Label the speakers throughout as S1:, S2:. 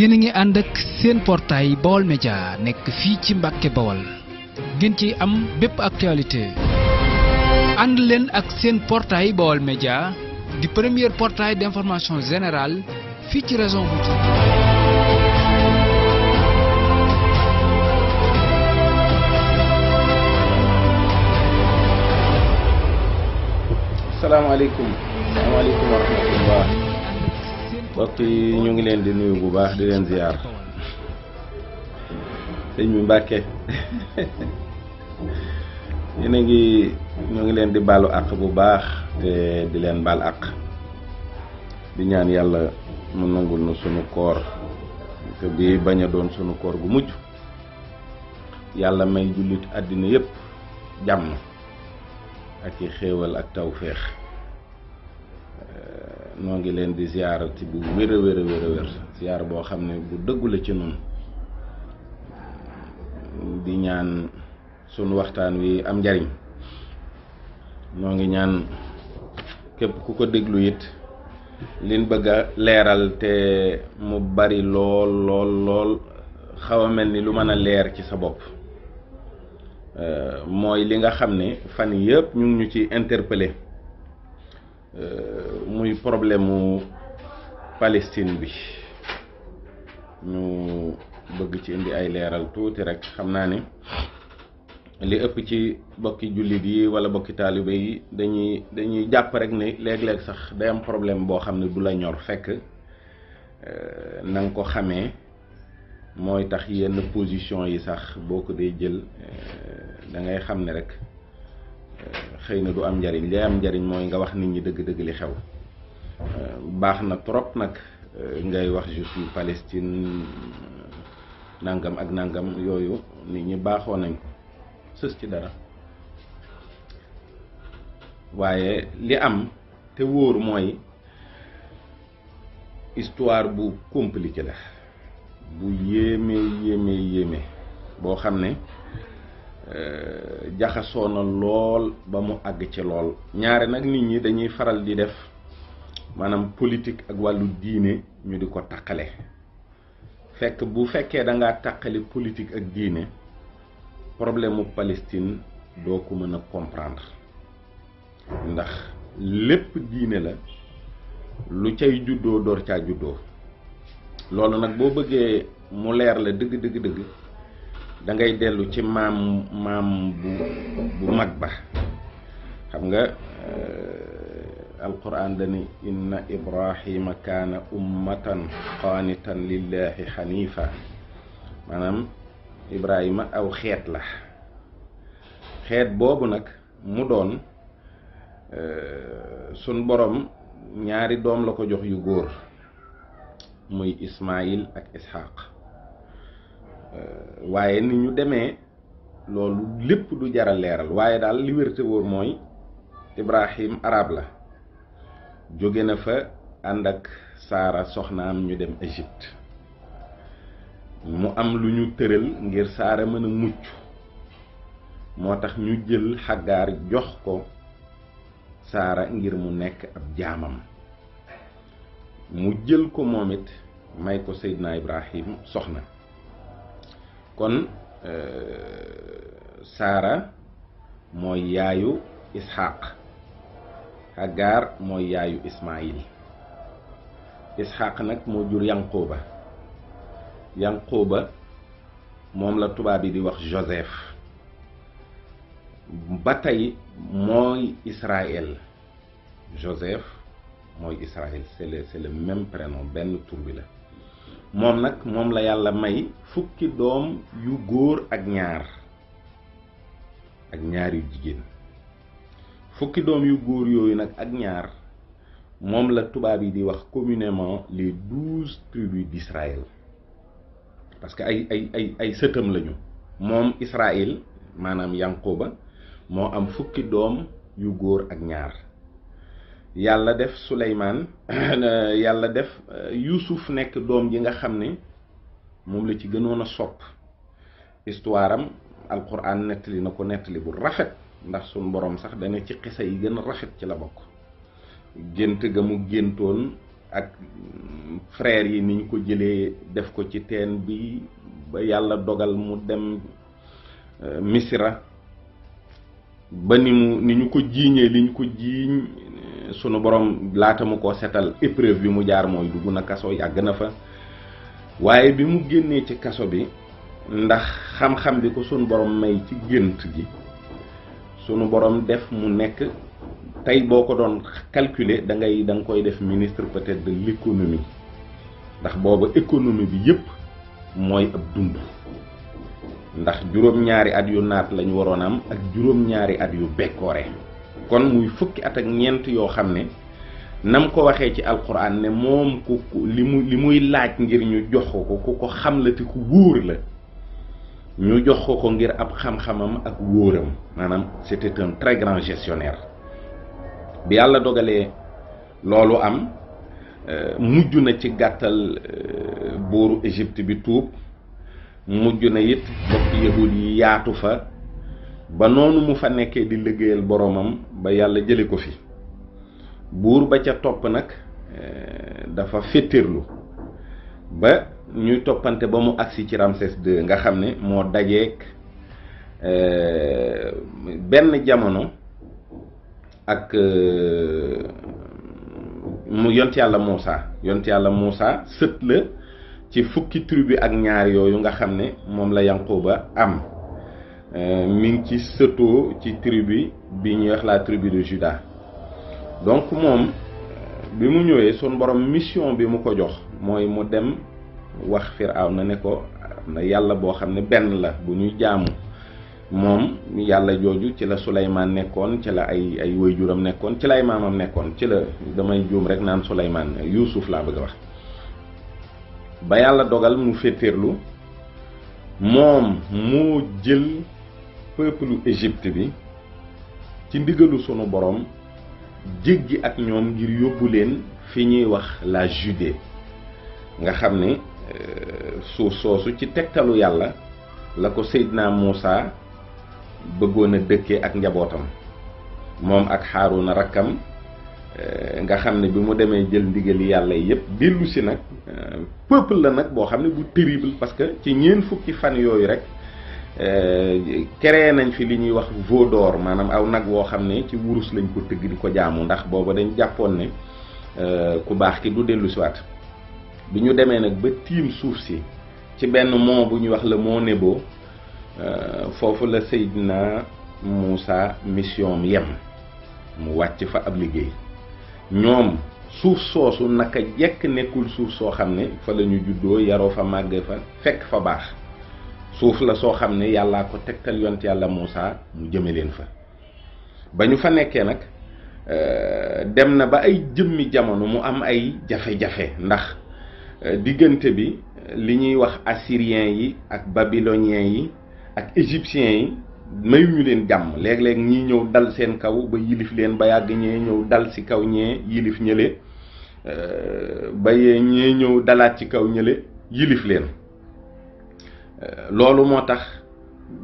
S1: yéen a ngi ànd ak seen portail Baol Média nekk fii ci Mbàkke Baol ngeen ci am bépp actualité ànd leen ak seen portail Baol Média di premier portail d'information générale fii ci région bu mbokk yi ñu ngi leen di nuyu bu baax di leen ziar sëñ bi Mbàkke yéen a ngi ñoo ngi leen di baalu àq bu baax te di leen baal àq di ñaan yàlla mu nangul nu sunu koor te bii bañ a doon sunu koor gu mujj yàlla may jullit àddina yépp jàmm ak i xéewal ak tawféex moo ngi leen di ziyaara ci bu wér a wér a boo xam ne bu dëggu ci noonu di ñaan sunu waxtaan wi am njariñ moo ngi ñaan képp ku ko déglu it liñ bëgg a leeral te mu bari lool lool lool xaw a mel ni lu mën a leer ci sa bopp euh, mooy li nga xam ne fan yëpp ñu ñu ci interpellé Euh, muy problème mu Palestine bi ñu bëgg ci indi ay leeral tuuti rek xam naa ni li ëpp ci bokki jullit yi wala bokki taalibe yi dañuy dañuy jàpp rek ne léeg-léeg sax day am problème boo xam ne du la ñor fekk euh, na nga ko xamee mooy tax yenn position yi sax boo ko dee jël euh, da ngay xam ne rek Euh, xëy na du am njariñ li am njariñ mooy nga wax nit ñi dëgg-dëgg li xew euh, baax na trop nag euh, ngay wax je suis Palestine nangam ak nangam yooyu nit ñi baaxoo nañ ko sës ci dara waaye li am te wóor mooy histoire bu compliquée la bu yéeme yéeme yéeme boo xam ne Euh, jaxasoo na lool ba mu àgg ci lool ñaare nag nit ñi dañuy faral di def maanaam politique ak wàllu diine ñu di ko taqale fekk bu fekkee da ngaa taqale politique ak diine problème mu Palestine doo ko mën a comprendre ndax lépp diine la lu cay juddoo door caa juddoo loolu nag boo bëggee mu leer la dëgg dëgg dëgg. da ngay dellu ci maam maam bu bu mag ba xam nga euh, alquran dani inna ibrahima kaana ummatan qaanitan lillahi xanifa maanaam ibrahima aw xeet la xeet boobu nag mu doon euh, sun boroom ñaari doom la ko jox yu góor muy ismail ak ishaq Euh, waaye ni ñu demee loolu lépp du jaral leeral waaye daal li wér mooy Ibrahim araab la jóge na fa ànd ak Saara soxnaam ñu dem Égypte mu am lu ñu tëral ngir Saara mën a mucc moo tax ñu jël xaggaar jox ko Saara ngir mu nekk ab jaamam mu jël ko moom it may ko Seydina Ibrahim soxna kon euh, saara mooy yaayu isxaq hagar mooy yaayu ismail isxaq nag moo jur yanquba yanquba moom la tubaab yi di wax joseph ba tey mooy israël joseph mooy israël c'est le même prénom benn tur la moom nag moom la yàlla may fukki doom yu góor ak ñaar ak ñaar yu jigéen fukki doom yu góor yooyu nag ak ñaar moom la tubaab yi di wax communément les douze tribus d'Israël parce que ay ay ay sëtam lañu moom Israël maanaam Yankoba moo am fukki doom yu góor ak ñaar yàlla def suleymaan yàlla def euh, yuusuf nekk doom ji nga xam ne moom la ci gënoon a sopp histoire am alquran nettali na ko nettali bu rafet ndax suñ boroom sax dana ci xisa yi gën a rafet ci la bokk gént ga mu géntoon ak mm, frère yi niñ ko jëlee def ko ci teen bi ba yàlla dogal mu dem euh, misira ba ni mu ni ñu ko jiiñee li ñu ko jiiñ sunu borom laata mu ko setal épreuve bi mu jaar mooy dugg na kaso yàgg na fa waaye bi mu génnee ci kaso bi ndax xam-xam bi ko sunu borom may ci gént gi sunu boroom def mu nekk tey boo ko doon calculer da danga koy def ministre peut-être de l'économie ndax booba économie bi yépp mooy ab dund ndax juróom-ñaari at yu naat lañu waroon am ak juróom-ñaari at yu bekkoore kon muy fukki at ak ñeent yoo xam ne nam ko waxee ci alquran ne moom ku li mu li muy laaj ngir ñu jox ko ku ko xam la te ku wóor la ñu jox ko ko ngir ab xam-xamam ak wóoram maanaam c'était un très grand gestionnaire bi yàlla dogalee loolu am euh, mujj na ci gàttal euh, buuru Égypte bi tuub mujj na it bokk yahud yi yaatu fa ba noonu mu fa nekkee di liggéeyal boroomam ba yàlla jële ko fi buur ba ca topp nag eh, dafa féttirlu ba ñuy toppante ba mu agsi ci Ramsès II nga xam ne moo dajeek eh, benn jamono ak eh, mu yont yàlla Moussa yont yàlla Moussa sët la ci fukki tribu ak ñaar yooyu nga xam ne moom la ba am Euh, mi ngi ci sëtoo ci tribu bi ñuy wax la tribu de Juda donc moom bi mu ñëwee sun borom mission bi mu ko jox mooy mu dem wax Firaaw na ne ko na yàlla boo xam ne benn la bu ñuy jaamu moom yàlla jooju ci la Souleymane nekkoon ci la ay ay waajuram nekkoon ci la ay maamam nekkoon ci la damay juum rek naan Souleymane Yuusuf laa bëgg a wax ba yàlla dogal mu féetéerlu moom moo jël peuple Égypte bi ci ndigalu sunu borom jéggi ak ñoom ngir yóbbu leen fi ñuy wax la Judée nga xam ne euh, suuf soosu ci tegtalu yàlla la ko sedd Seydina Muusa bëggoon a dëkkee ak njabootam moom ak Haaruna rakkam euh, nga xam ne bi mu demee jël ndigali yàlla yépp dellu si nag euh, peuple la nag boo xam ne bu terrible parce que ci ñeen fukki fan yooyu rek Euh, créé nañ fi li ñuy wax veau door maanaam aw nag woo xam ne ci wurus lañ ko tëgg di ko jaamu ndax booba dañ jàppoon ne euh, ku baax ki du dellu siwaat bi ñu demee nag ba tiim suuf si ci benn mont bu ñuy wax la mont Nebo euh, foofu la Seydina Moussa mission mi yem mu wàcc fa ab liggéey ñoom suuf soosu naka jekk nekkul suuf soo xam ne fa la ñu juddoo yaroo fa màgge fa fekk fa baax suuf la soo xam ne yàllaa ko tegtal yont yàlla Moussa mu jëme leen fa ba ñu fa nekkee nag euh, dem na ba ay jëmmi jamono mu am ay jafe-jafe ndax euh, diggante bi euh, li ñuy wax assyriens yi ak babyloniens yi ak égyptiens yi mayuñu leen jàmm léeg-léeg ñii ñëw dal seen kaw ba yilif leen ba yàgg ñee ñëw dal ci kaw ñee yilif ñële ba yee ñee ñëw dalaat ci kaw ñële yilif leen Euh, loolu moo tax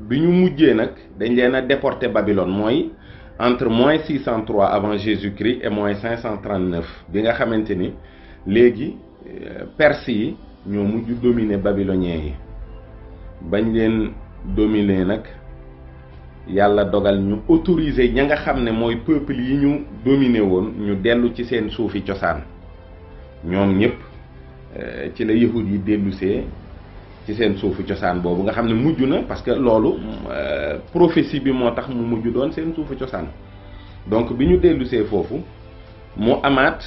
S1: bi ñu mujjee nag dañ leen a déporté Babylone mooy entre moins 603 avant Jésus-Christ et moins 539 bi nga xamante ni léegi euh, Perse yi ñoo mujj dominer babyloniens yi bañ leen dominer nag yàlla dogal ñu autoriser ña nga xam ne mooy peuple yi ñu dominer woon ñu dellu ci seen suufi cosaan ñoom ñëpp euh, ci la yahud yi dellusee ci seen suufu cosaan boobu nga xam ne mujj na parce que loolu euh, prophétie bi moo tax mu mujj doon seen suufu cosaan donc bi ñu dellusee foofu mu amaat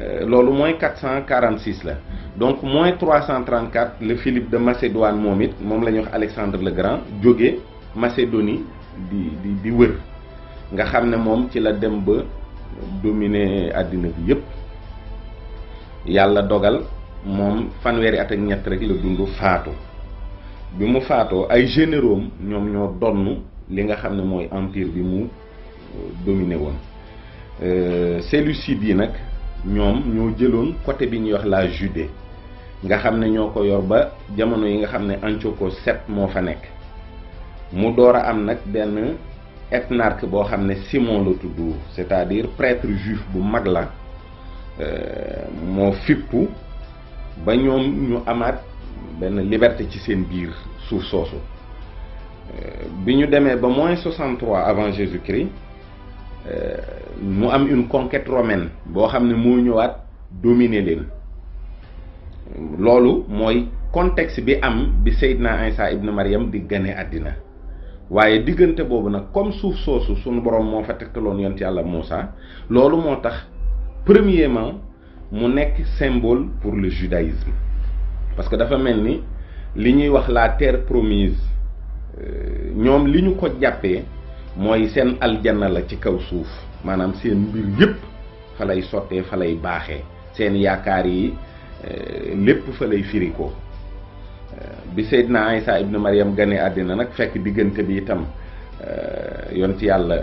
S1: euh, loolu mooy 446 la donc mooy moins 334 le Philippe de Macédoine moom it moom la ñuy wax Alexandre le Grand jóge Macédonie di di di wër nga xam ne moom ci la dem ba dominer àddina bi yépp yàlla dogal moom fanweeri at ak ñett rek la dund faatu bi mu faatoo ay généraux ñoom ñoo donn li nga xam ne mooy empire bi mu euh, dominé woon euh, Séleucides yi nag ñoom ñoo jëloon côté bi ñuy wax la Judée nga xam ne ñoo ko yor ba jamono yi nga xam ne Antiochos sept moo fa nekk mu door a am nag benn ethnarque boo xam ne Simon la tudd c'est-à-dire prêtre juif bu mag la euh, moo fippu ba ñoom ñu amaat benn liberté ci seen biir suuf soosu euh, bi ñu demee ba moins 63 avant Jésus-Christ euh, mu am une conquête romaine boo xam ne moo ñëwaat dominer leen loolu mooy contexte bi am bi Seydina Isa ibn Mariam di gane àddina waaye diggante boobu nag comme suuf soosu sunu borom moo fa tekkaloon yont yàlla Moussa loolu moo tax premièrement mu nekk symbole pour le judaïsme parce que dafa mel ni li ñuy wax la terre promise euh, ñoom li ñu ko jàppee mooy seen aljanna la ci kaw suuf maanaam seen mbir yépp fa lay sottee fa lay baaxee seen yaakaar yi euh, lépp fa lay firiko euh, bi Seydina Isa ibnu Mariam gane àddina nag fekk diggante bi itam yont yàlla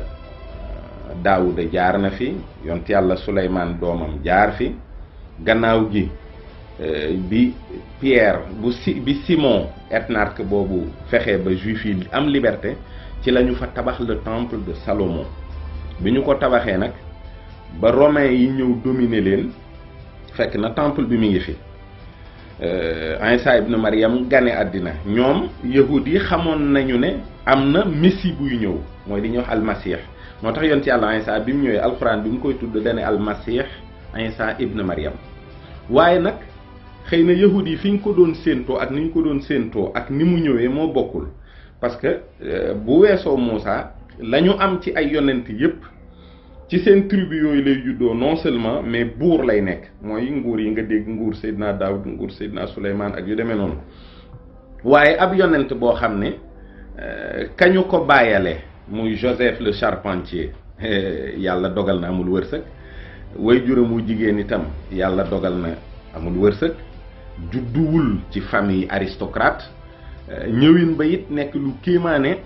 S1: Daawuda jaar na fi yont yàlla sulaymaan doomam jaar fi gannaaw gi euh, bi Pierre bu si bi Simon etnarque boobu fexe ba juif yi am liberté ci la ñu fa tabax le temple de Salomon bi ñu ko tabaxee nag ba romain yi ñëw dominer leen fekk na temple bi mu ngi fi euh, Isa ibn Maryam gane àddina ñoom yahud yi xamoon nañu ne am na messi buy ñëw mooy di ñuy wax almasih moo tax yoon ci àlla Isa bi mu ñëwee alxuraan bi mu koy tudd lenn almasih Insa ibn Maryam waaye nag xëy na yahud yi fi ñu ko doon séentoo ak ni ñu ko doon séentoo ak ni mu ñëwee moo bokkul parce que euh, bu weesoo Moussa lañu am ci ay yonent yépp ci seen tribu yooyu lay juddoo non seulement mais buur lay nekk mooy nguur yi nga dégg nguur Seydina Daawud nguur Seydina Suleymaan ak yu demee noonu waaye ab yonent boo xam ne euh, kañu ko bàyyale muy Joseph le charpentier yàlla dogal na amul wërsëg way juramu jigéen itam yàlla dogal na amul wërsëg judduwul ci famille aristocrate euh, ñëwin ba it nekk lu kéemaane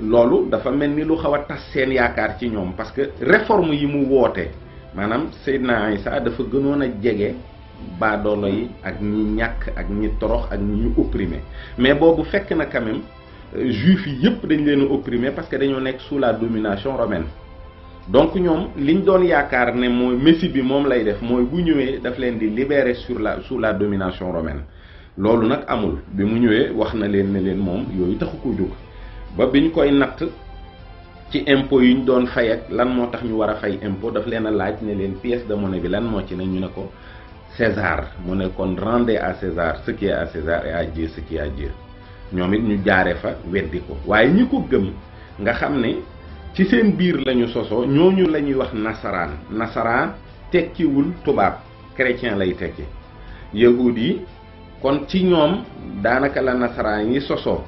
S1: loolu dafa mel ni lu xaw a tas seen yaakaar ci ñoom parce que réforme yi mu woote maanaam Seydina Isa dafa gënoon a jege baadoolo yi ak ñi ñàkk ak ñi torox ak ñi ñu opprimé mais boobu fekk na quand même euh, juif yi yëpp dañ leen a opprimé parce que dañoo nekk sous la domination romaine donc ñoom liñ doon yaakaar ne mooy messie bi moom lay def mooy bu ñëwee daf leen di libere sur la sous la domination romaine loolu nag amul bi mu ñëwee wax na leen ne leen moom yooyu taxu ko jóg ba ñu koy natt ci impôt yi ñu doon fay ak lan moo tax ñu war a fay impôt daf leen a laaj ne leen pièce de monnaie bi lan moo ci ne ñu ne ko César mu ne kon rendez à César ce qui à César et à Dieu ce qui à Dieu ñoom it ñu jaaree fa weddi ko waaye ñi ko gëm nga xam ne. ci seen biir lañu sosoo ñooñu la ñuy wax nasaraan nasaraan tekkiwul tubaab chrétien lay tekki yahud yi kon ci ñoom daanaka la nasaraan yi sosoo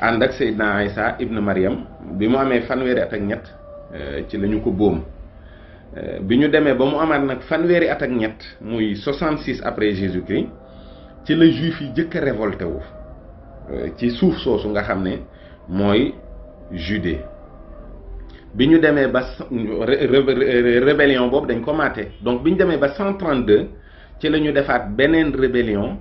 S1: ànd ak Seydina Isa ibn mariam bi mu amee fanweeri at ak ñett euh, ci la ñu ko boom euh, bi ñu demee ba mu amaat nag fanweeri at ak ñett après Jésus-Christ ci la juif yi jëkk a révolté wu euh, ci suuf soosu nga xam ne mooy Judée bi ñu demee ba rebellion boobu dañ ko maté donc bi ñu demee ba 132 ci la ñu defaat beneen rébellion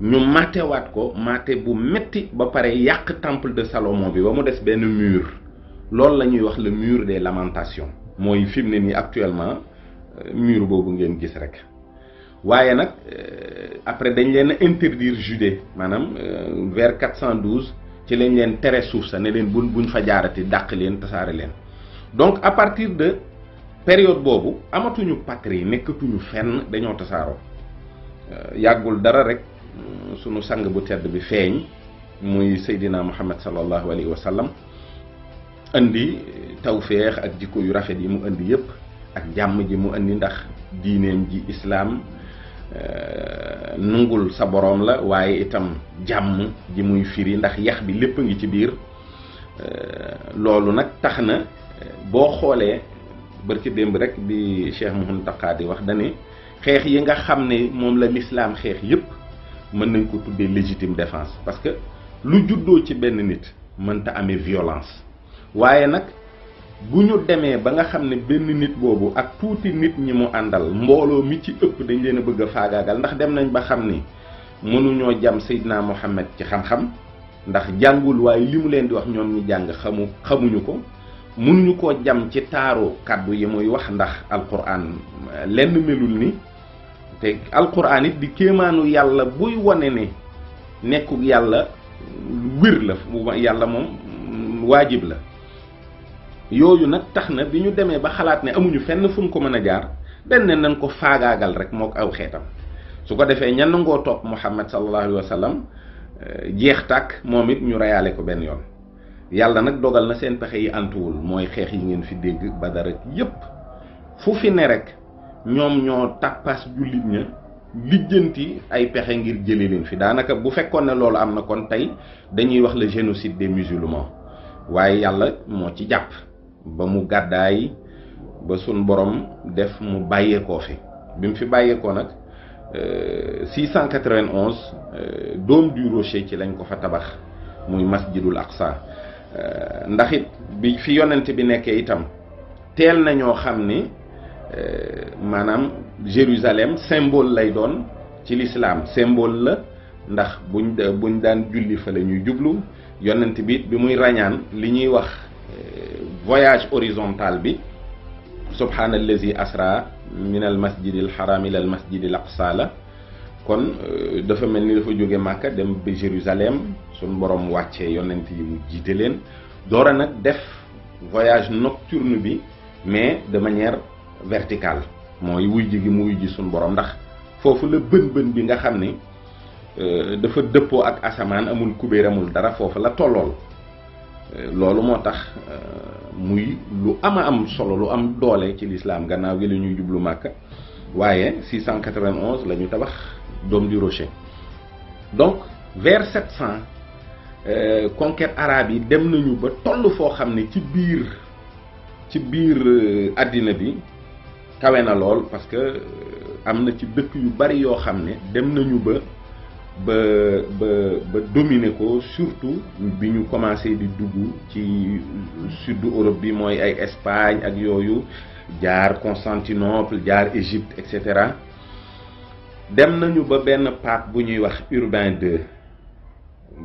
S1: ñu matewaat ko maté bu métti ba pare yàq temple de Salomon bi ba mu des benn mur loolu la ñuy wax le mur des lamentations mooy fi mu ne nii actuellement euh, mur boobu ngeen gis rek waaye nag euh, après dañ leen a interdire Judée maanaam euh, vers 412. ci lañ leen tere suuf sa ne leen buñ buñ fa jaarati dàq leen tasaare leen donc à partir de période boobu amatuñu patrie nekkatuñu fenn dañoo tasaaroo euh, yàggul dara rek euh, sunu sang bu tedd bi feeñ muy Seydina Muhammad sallallahu alayhi wa sallam indi tawféex ak jikko yu rafet yi mu indi yëpp ak jàmm ji mu indi ndax diineem ji islaam Euh, nungul sa boroom la waaye itam jàmm ji muy firi ndax yax bi lépp a ngi ci biir euh, loolu nag tax na euh, boo xoolee ci démb rek bi Cheikh Mountakha di wax dane xeex yi nga xam ne moom la lislaam xeex yépp mën nañ ko tuddee légitime défense parce que lu juddoo ci benn nit mënta amee violence waaye nag bu ñu demee ba nga xam ne benn nit boobu ak tuuti nit ñi mu àndal mbooloo mi ci ëpp dañ leen a bëgg a faagaagal ndax dem nañ ba xam ni mënuñoo jam Seydina Muhammad ci xam-xam ndax jàngul waaye li mu leen di wax ñoom ñi jàng xamu xamuñu ko mënuñu ko jam ci taaru kàddu yi muy wax ndax alquran lenn melul ni te alquran it di kéemaanu yàlla buy wane ne nekkuk yàlla wir la yàlla moom waajib la yooyu nag tax na bi ñu demee ba xalaat ne amuñu fenn fu ñu ko mën a jaar benn nañ ko faagaagal rek mook aw xeetam su ko defee ñan nangoo topp Muhammad sallallahu alayhi wa eh, jeex tàkk moom it ñu reyaale ko benn yoon yàlla nag dogal na seen pexe yi antuwul mooy xeex yi ngeen fi dégg ba dara yépp fu fi ne rek ñoom ñoo tàppaas jullit ña lijjanti ay pexe ngir jëlee leen fi daanaka bu fekkoon ne loolu am na kon tey dañuy wax le génocide des musulmans waaye yàlla ci jàpp ba mu gàddaay ba sun borom def mu bàyyeekoo fi bi mu fi bàyyeekoo nag 691 euh, euh, Dôme du Rocher ci lañ ko fa tabax muy masjidul Aqsa euh, ndax it bi fi yonent bi nekkee itam teel na ñoo xam ni maanaam Jérusalem symbole lay doon ci lislaam symbole la ndax buñ buñ daan julli fa la ñuy jublu yonent bi bi muy ràññaan li ñuy wax voyage horizontal bi subhaanallazi asra min al masjid al haram ila al masjid al aqsa la kon euh, dafa mel ni dafa jóge màkka dem ba Jérusalem suñ borom wàccee yonent yi mu jiite leen doora nag def voyage nocturne bi mais de manière verticale mooy wujj ji gi mu wuy ji suñ borom ndax foofu la bën bën bi nga xam ni euh, dafa dëppoo ak asamaan amul kubéer amul dara foofu la tollool Euh, loolu moo tax euh, muy lu ama am solo lu am doole ci lislaam gannaaw gi la ñuy jublu màkka waaye 691 la ñu tabax Dôme du Rocher donc vers 700 euh, conquête arabe yi dem nañu ba toll foo xam ne ci biir ci biir àddina bi kawe na lool parce que am na ci dëkk yu bari yoo xam ne dem nañu ba ba ba ba dominer ko surtout bi ñu commencé di dugg ci sud Europe bi mooy ay Espagne ak yooyu jaar Constantinople jaar Égypte et cetera dem nañu ba benn pape bu ñuy wax Urbain II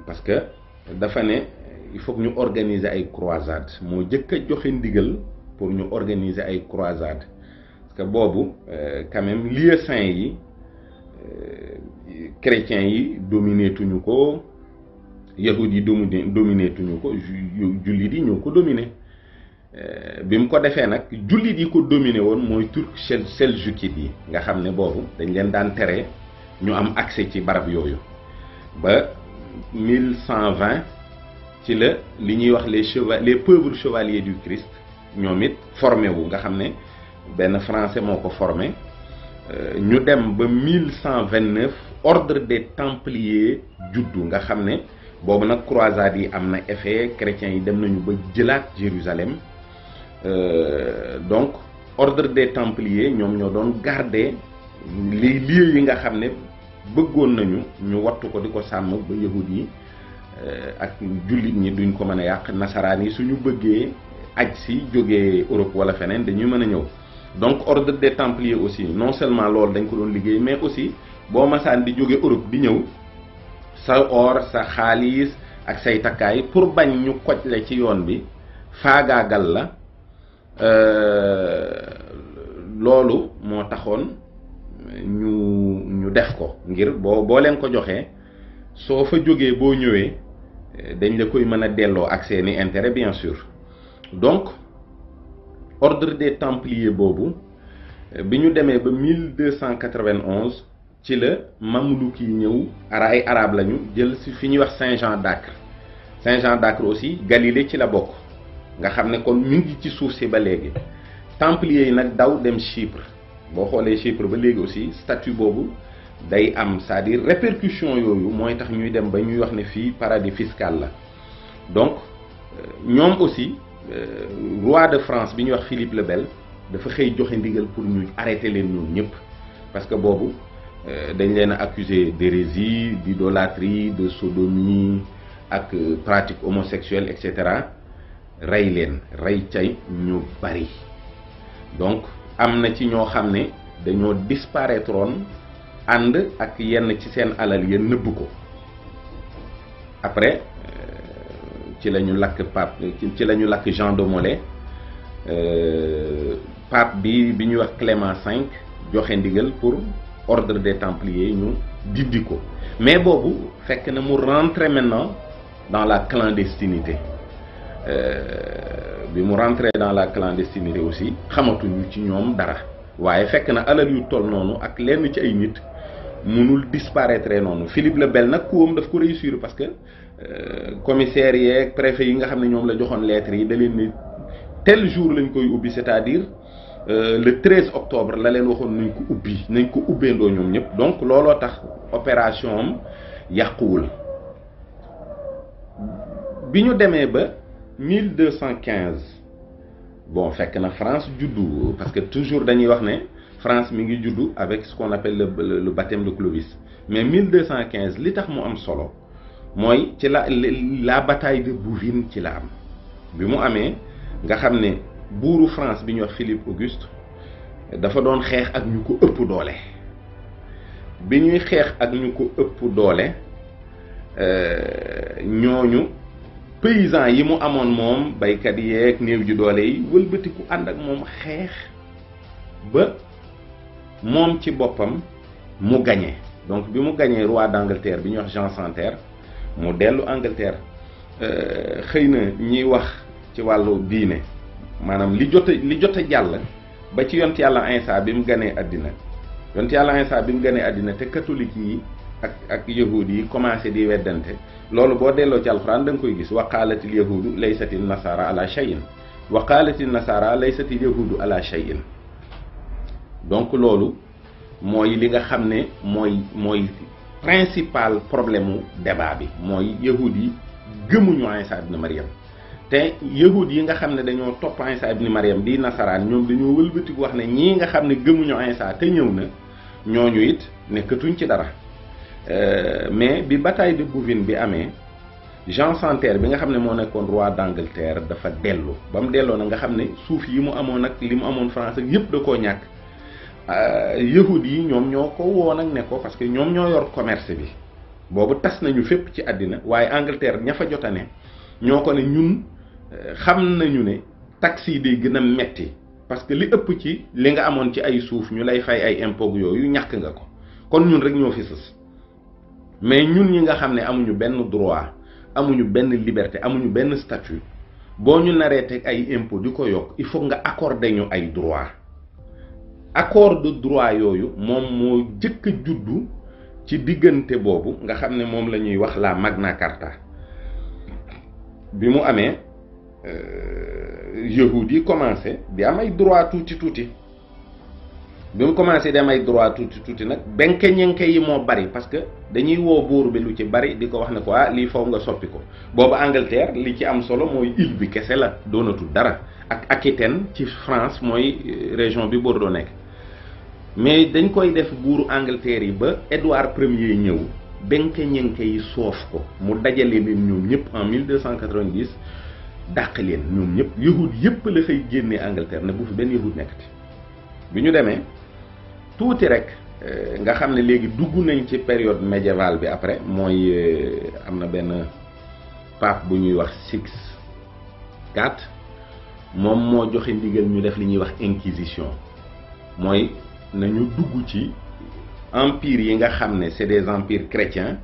S1: parce que dafa ne il faut ñu organiser ay croisade moo jëkk a joxe ndigal pour ñu organiser ay croisade parce que boobu euh, quand même lieux yi Euh, chrétiens yi dominé tuñu ko yahud yi dominé dominé tuñu ko jullit yi ñoo ko dominé euh, bi mu ko defee nag jullit yi ko dominé woon mooy turc kiit yi nga xam ne boobu dañ leen daan tere ñu am accès ci barab yooyu ba 1120 ci la li ñuy wax les cheval les pauvres chevaliers du Christ ñoom it formé wu nga xam ne benn français moo ko formée ñu dem ba mille cent vingt neuf ordre des templiers juddu nga xam ne boobu nag croisade yi am na effet chrétiens yi dem nañu ba jëlaat Jérusalem euh, donc ordre des templiers ñoom ñoo doon garde li lieux yi nga xam ne bëggoon nañu ñu wattu ko di ko sàmm ba yahud yi euh, ak jullit ñi duñ ko mën a yàq nasaraan yi suñu bëggee aj si jógee Europe wala feneen dañuy mën a ñëw donc ordre des templiers aussi non seulement loolu dañ ko doon liggéey mais aussi boo masaan di jóge Europe di ñëw sa or sa xaalis ak say takkaay pour bañ ñu koj la ci yoon bi faagaagal la euh, loolu moo taxoon ñu ñu def ko ngir boo boo leen ko joxee soo fa jógee boo ñëwee dañ la koy mën a delloo ak seeni intérêt bien sûr donc ordre des templiers boobu eh, bi ñu demee ba 1291 ci la mamelouk yi ñëw ara ay arab lañu jël si fi ñuy wax Saint-Jean d'Acre saint d'Acre aussi Galilée ci la bokk nga xam ne kon ñu ngi ci suuf si ba léegi templier yi nag daw dem Chypre boo xoolee Chypre ba léegi aussi statut boobu day am cest à répercussion yooyu mooy tax ñuy dem ba ñuy wax ne fii paradis fiscal la donc euh, ñoom aussi Euh, roi de France bi ñu wax Philippe le Bel dafa xëy joxe ndigal pour ñu arrêter leen ñoom ñëpp parce que boobu euh, dañ leen a accusé d'hérésie d'idolâtrie de sodomie ak euh, pratique homosexuelle et cetera rey leen rey cay ñu bari donc am na ci ñoo xam ne dañoo disparaître ànd ak yenn ci seen alal ya nëbb ko après ci la ñu lakk Pape ci la ñu lakk Jean de Molay euh, part bi bi ñuy wax Clément V joxe ndigal pour ordre des Templiers ñu diddi ko mais boobu fekk na mu rentrer maintenant dans la clandestinité euh, bi mu rentrer dans la clandestinité aussi xamatuñu ci ñoom dara waaye fekk na alal yu toll noonu ak lenn ci ay nit mënul disparaître noonu Philippe le Bel nag kuwam daf ko réussir parce que Euh, commissaires yeeg préfet yi nga xam ne ñoom la joxoon lettres yi da leen ni tel jour lañ koy ubbi c'est-à-dire euh, le 13 octobre la leen waxoon nañ ko ubbi nañ ko ubbeendoo ñoom ñëpp donc looloo tax opération am yàquwul bi ñu demee ba 1215 bon fekk na France juddu parce que toujours dañuy wax ne France mi ngi juddu avec ce qu'on appelle le le baptême de Clovis mais 1215 li tax mu am solo. mooy ci la la bataille de Bouvines ci la am bi mu amee nga xam ne buuru France bi ñuy wax Philippe Auguste dafa doon xeex ak ñu ko ëpp doole bi ñuy xeex ak ñu ko ëpp doole euh, ñooñu paysans yi mu amoon moom baykat yeeg néew ji doole yi wëlbatiku ànd ak moom xeex ba moom ci boppam mu gañe donc bi mu gañee roi d'Angleterre bi ñu wax Jean Santerre mu dellu Angleterre euh, xëy na ñiy wax ci wàllu diine maanaam li jot a li jot a jàll ba ci yont yàlla instant bi mu ganee àddina yont yàlla instant bi mu ganee àddina te catholique yi ak ak yahud yi commencé di weddante loolu boo delloo ci alxuraan da nga koy gis waqaalatil yahudu laysati nasara ala cheyin waqaalati nasara laysati yahudu ala cheyin donc loolu mooy li nga xam ne mooy mooy principal problème mu débat bi mooy yahud yi gëmuñu Isa ibn Maryam te yahud yi nga xam ne dañoo topp Isa ibn Maryam di nasaraan ñoom dañoo wëlbatiku wax ne ñii nga xam ne gëmuñu Isa te ñëw na ñooñu it nekkatuñ ci dara euh, mais bi bataille de Bouvines bi amee Jean Santerre bi nga xam ne moo nekkoon roi d'Angleterre dafa dellu ba mu delloo na nga xam ne suuf yi mu amoon ak li mu amoon France ak yëpp da koo ñàkk Euh, yahud yi ñoom ñoo ko woon ak ne ko parce que ñoom ñoo yor commerce bi boobu tas nañu fépp ci àddina waaye Angleterre ña fa jotane ñoo ko ne ñun euh, xam nañu ne taxes yi gën a metti parce que li ëpp ci li nga amoon ci ay suuf ñu lay fay ay impôts yooyu ñàkk nga ko kon ñun rek ñoo fi sës mais ñun ñi nga xam ne amuñu benn droit amuñu benn liberté amuñu benn statut boo ñu naree teg ay impôts di ko yokk il faut nga accorder ñu ay droit accord de droit yooyu moom moo jëkk a juddu ci diggante boobu nga xam ne moom la ñuy wax mag na Carta bi mu amee euh, yahud yi commencé di am ay droit tuuti tuuti bi mu commencé dem ay droit tuuti tuuti nag benke ñenke yi moo bari parce que dañuy woo buur bi lu ci bari di ko wax ne ko ah lii faw nga soppi ko boobu Angleterre li ci am solo mooy île bi kese la doonatul dara ak Aquitaine ci France mooy euh, région bi Bordeaux nekk mais dañ koy def buuru Angleterre yi ba Édouard premier ñëw benke ñenke yi soof ko mu dajale leen ñoom ñëpp en 1290 dàq leen ñoom ñëpp yahud yëpp la fay génnee Angleterre ne bu fi benn yahud nekkati bi ñu demee tuuti rek euh, nga xam ne léegi dugg nañ ci période médiévale bi après mooy euh, am na benn pape bu ñuy wax six quatre moom moo joxe ndigal ñu def li ñuy wax inquisition mooy nañu dugg ci empire yi nga xam ne c'est des empires chrétiens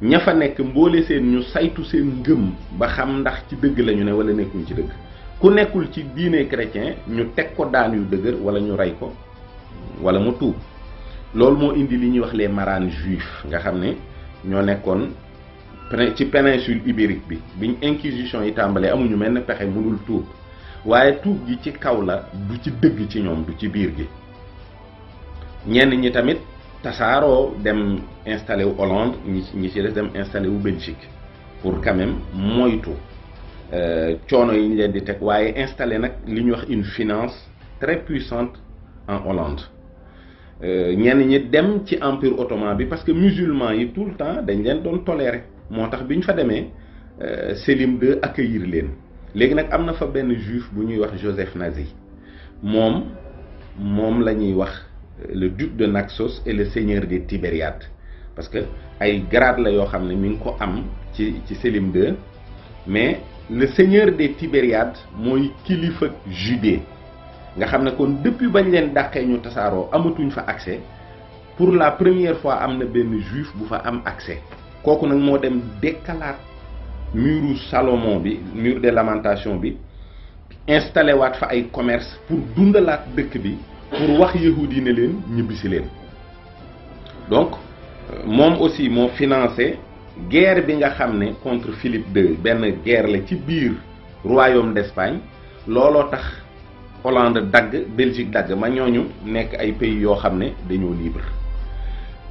S1: ña fa nekk mboole seen ñu saytu seen ngëm ba xam ndax ci dëgg lañu ne wala nekkuñ ci dëgg ku nekkul ci diine chrétien ñu teg ko daan yu dëgër wala ñu rey ko wala mu tuub loolu moo indi li ñuy wax les marânes juifs nga xam ne ñoo nekkoon ci péninsule ibérique bi biñ inquisition yi tàmbalee amuñu mel ne pexe mënul tuub waaye tuub gi ci kaw la du ci dëgg ci ñoom du ci biir gi ñenn ñi tamit tasaaroo dem installé wu Hollande ñi ñi ci des dem installé wu Belgique pour quand même moytu euh, coono yi ñu leen di teg waaye installé nag li ñuy wax une finance très puissante en Hollande Euh, ñenn ñi dem ci empire ottoman bi parce que musulman yi tout le temps dañ leen doon toléré moo tax bi ñu fa demee euh, Selim II accueillir leen léegi nag am na fa benn juif bu ñuy wax Joseph Nazi moom moom la ñuy wax euh, le duc de Naxos et le seigneur de Tibériade parce que ay grade la yoo xam ne mi ngi ko am ci ci Selim II mais le seigneur de Tibériade mooy kilifa judée nga xam ne kon depuis bañ leen dàqee ñu tasaaroo amatuñ fa accès pour la première fois am na benn juif bu fa am accès kooku nag moo dem dekkalaat muru Salomon bi mur des lamentations bi installé waat fa ay commerce pour dundalaat dëkk bi pour wax yahudi ne leen ñibbisi leen donc moom aussi moo financé guerre bi nga xam ne contre Philippe II benn guerre la ci biir royaume d'Espagne looloo tax Hollande dagg Belgique dagg ma ñu nekk ay pays yoo xam ne dañoo libre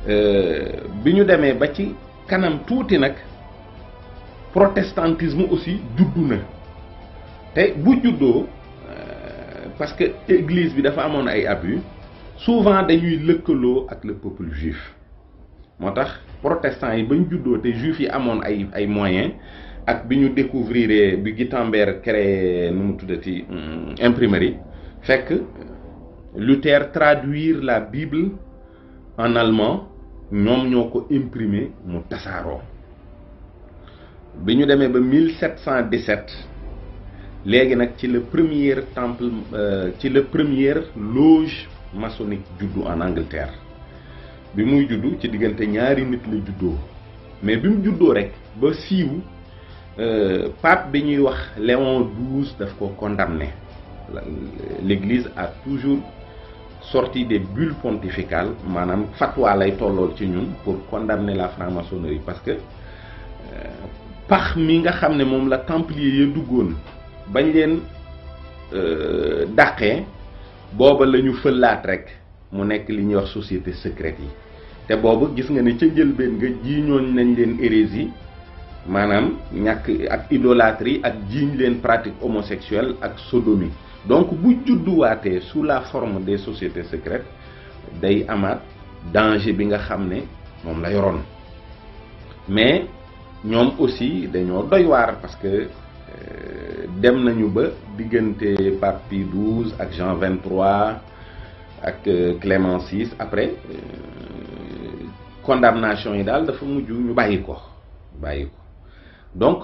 S1: euh, bi ñu demee ba ci kanam tuuti nag protestantisme aussi juddu na te bu juddoo euh, parce que église bi dafa amoon ay abus souvent dañuy lëkkaloo ak le peuple juif moo tax protestants yi ñu juddoo te juifs yi amoon ay ay moyens ak bi ñu découvrir eh, bi Gutenberg créé nu mu tuddati mm, imprimerie fekk Luther traduire la Bible en allemand ñoom ñoo ko imprimer mu tasaaroo bi ñu demee ba 1717 léegi nag ci la première temple euh, ci la première loge maçonnique juddu en Angleterre bi muy juddu ci diggante ñaari nit la juddoo mais bi mu juddoo rek ba siiw Euh, pape bi ñuy wax Léon XII daf ko condamné l'Église a toujours sorti des bulle pontificales maanaam fatwa lay tollool ci ñun pour condamner la franc-maçonnerie parce que euh, pax mi nga xam ne moom la templier ya duggoon bañ leen euh, dàqee booba lañu fëlaat rek mu nekk li ñuy wax société secrète yi te boobu gis nga ne ca njëlbeen nga jiiñoon nañ leen hérésie maanaam ñàkk ak idolâtrie ak jiiñ leen pratique homosexuelle ak sodomie donc bu judduwaatee su la forme des sociétés secrètes day amaat danger bi nga xam ne moom la yoroon mais ñoom aussi dañoo doy waar parce que euh, dem nañu ba diggante Pape Pie XII ak Jean XXIII ak euh, Clément VI après euh, condamnation yi daal dafa mujj ñu bàyyi ko bàyyi ko donc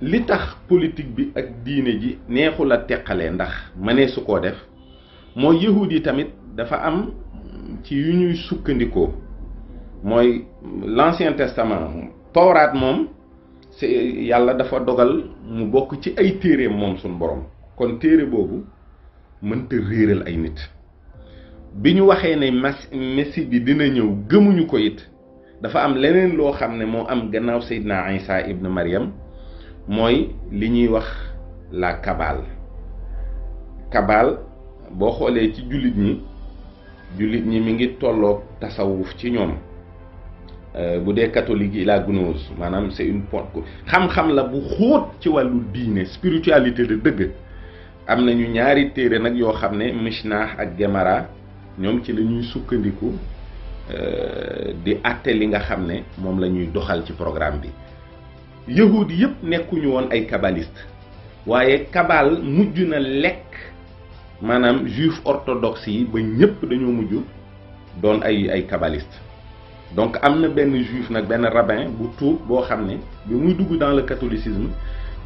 S1: li tax politique bi ak diine ji neexul a teqale ndax ma ne su koo def mooy yahud yi tamit dafa am ci yu ñuy sukkandikoo mooy l'Ancien Testament tawraat moom c'est yàlla dafa dogal mu bokk ci ay téere moom suñ borom kon téere boobu mënta réeral ay nit bi ñu waxee ne mas messi bi dina ñëw gëmuñu ko it dafa am leneen loo xam ne moo am gannaaw Seydina Isa ibn Maryam mooy li ñuy wax la kabaal kabaal boo xoolee ci jullit ñi jullit ñi mi ngi tolloog tasawuf ci ñoom euh, bu dee catholique yi la gnose maanaam c'est une porte xam-xam la bu xóot ci wàllu diine spiritualité de dëgg am nañu ñaari téere nag yoo xam ne Mishnah ak Gemara ñoom ci lañuy sukkandiku Euh, di àtte li nga xam ne moom lañuy doxal ci programme bi yahud yëpp nekkuñu woon ay kabaliste waaye kabal mujj na lekk maanaam juif orthodoxe yi ba ñëpp dañoo mujj doon ay ay kabaliste donc am na benn juif nag benn rabbin bu tuub boo xam ne bi muy dugg dans le catholicisme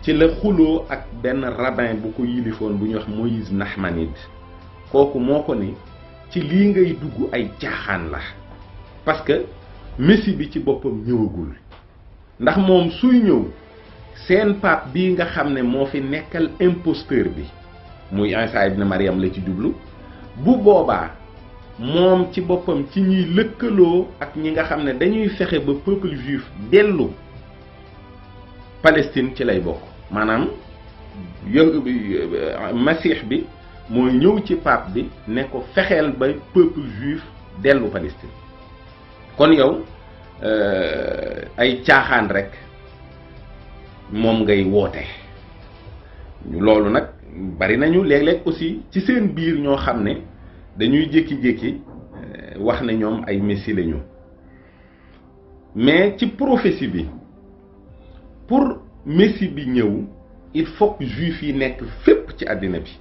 S1: ci la xuloo ak benn rabbin bu ko yilifoon bu ñuy wax Moïse Nahmanide kooku moo ko ni ci lii ngay dugg ay caaxaan la parce que messi bi ci boppam ñëwagul ndax moom suy ñëw seen pape bii nga xam ne moo fi nekkal imposteur bi muy Isa ibn Mariam la ci jublu bu boobaa moom ci boppam ci ñuy lëkkaloo ak ñi nga xam ne dañuy fexe ba peuple juif dellu Palestine ci lay bokk maanaam yëng euh, masiix bi mooy ñëw ci pape bi ne ko fexeel ba peuple juif dellu Palestine kon yow euh, ay caaxaan rek moom ngay woote loolu nag bari nañu léeg-léeg aussi ci seen biir ñoo xam ne dañuy jékki-jékki euh, wax ne ñoom ay messi lañu mais ci prophétie bi pour messi bi ñëw il faut que juif yi nekk fépp ci àddina bi